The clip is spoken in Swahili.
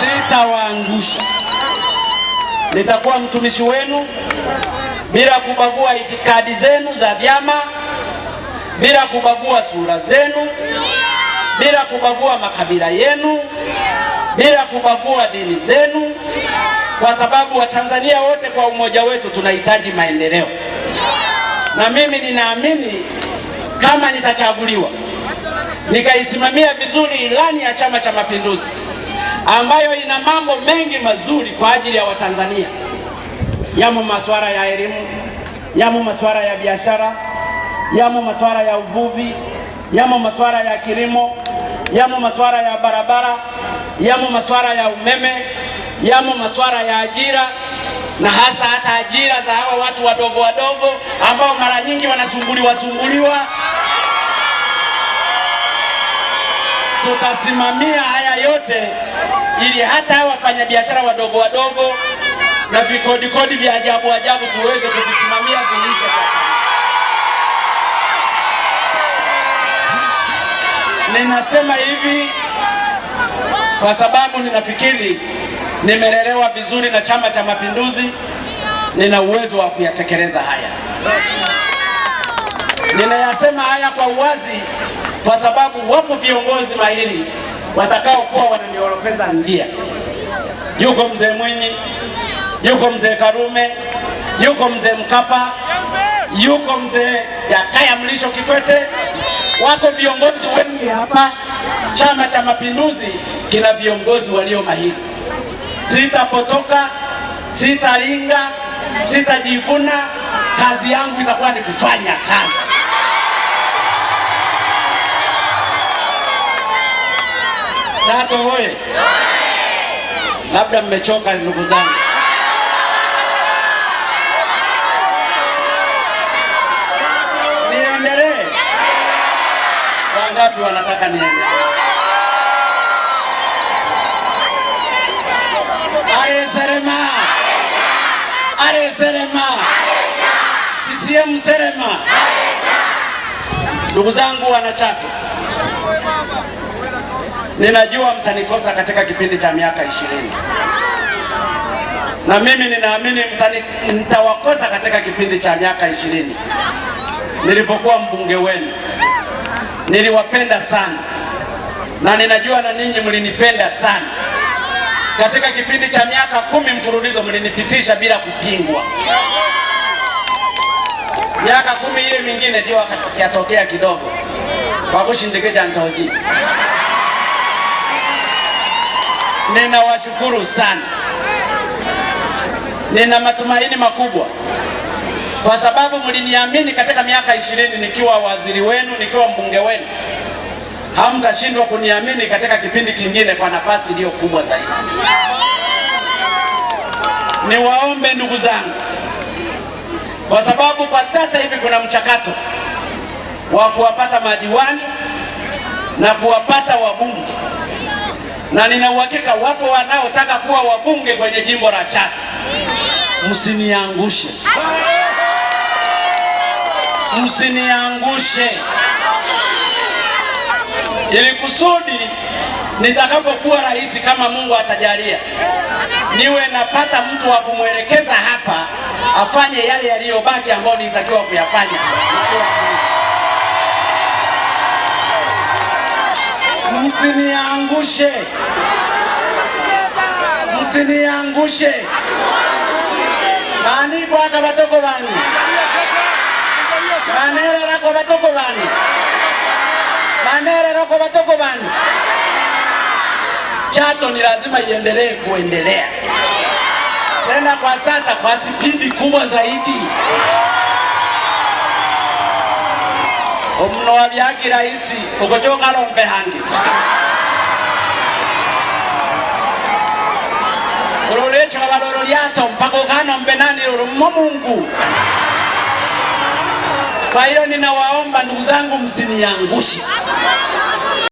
sitawaangusha. Nitakuwa mtumishi wenu bila kubagua itikadi zenu za vyama, bila kubagua sura zenu, bila kubagua makabila yenu, bila kubagua dini zenu, kwa sababu Watanzania wote kwa umoja wetu tunahitaji maendeleo. Na mimi ninaamini kama nitachaguliwa nikaisimamia vizuri ilani ya Chama cha Mapinduzi ambayo ina mambo mengi mazuri kwa ajili ya Watanzania. Yamo masuala ya elimu, yamo masuala ya biashara, yamo masuala ya uvuvi, yamo masuala ya kilimo, yamo masuala ya barabara, yamo masuala ya umeme, yamo masuala ya ajira na hasa hata ajira za hawa watu wadogo wadogo ambao mara nyingi wanasumbuliwa sumbuliwa. Tutasimamia haya yote ili hata wafanyabiashara wadogo wadogo na vikodikodi vya ajabu ajabu tuweze kuvisimamia viishe. Ninasema hivi kwa sababu ninafikiri nimelelewa vizuri na Chama cha Mapinduzi, nina uwezo wa kuyatekeleza haya. Ninayasema haya kwa uwazi kwa sababu wapo viongozi mahiri watakaokuwa wananiolopeza njia. Yuko mzee Mwinyi, yuko mzee Karume, yuko mzee Mkapa, yuko mzee Jakaya Mlisho Kikwete, wako viongozi wengi hapa. Chama cha Mapinduzi kina viongozi walio mahiri. Sitapotoka, sitalinga, sitajivuna. Kazi yangu itakuwa ni kufanya kazi. Kariakoo hoye! Labda mmechoka ndugu zangu, niendelee? Wangapi wanataka niendelee? Serema, are Serema, Serema. Ndugu zangu Wanachake Ninajua mtanikosa katika kipindi cha miaka ishirini na mimi ninaamini mtawakosa katika kipindi cha miaka ishirini. Nilipokuwa mbunge wenu niliwapenda sana, na ninajua na ninyi mlinipenda sana. Katika kipindi cha miaka kumi mfululizo mlinipitisha bila kupingwa. Miaka kumi ile mingine ndio akatokea kidogo kwa kushindikija ntoji ninawashukuru sana. Nina matumaini makubwa kwa sababu mliniamini katika miaka ishirini nikiwa waziri wenu, nikiwa mbunge wenu. Hamtashindwa kuniamini katika kipindi kingine kwa nafasi iliyo kubwa zaidi. Niwaombe ndugu zangu, kwa sababu kwa sasa hivi kuna mchakato wa kuwapata madiwani na kuwapata wabunge na nina uhakika wapo wanaotaka kuwa wabunge kwenye jimbo la Chato. Msiniangushe, msiniangushe, ili kusudi nitakapokuwa rais, kama Mungu atajalia, niwe napata mtu wa kumwelekeza hapa afanye yale yaliyobaki ambayo nilitakiwa kuyafanya. msiniangushe, msiniangushe bani bwaga batoko bani banerera kwa batoko bani banerera kwa batoko bani. Chato ni lazima iendelee kuendelea tena kwa sasa kwa spidi kubwa zaidi omunowa byaki isi okochokala ompe hangi ololo echikaba lolo lyato mpaka okana ompe nani lolumo Mungu. Kwa hiyo ninawaomba ndugu zangu, msiniangushe.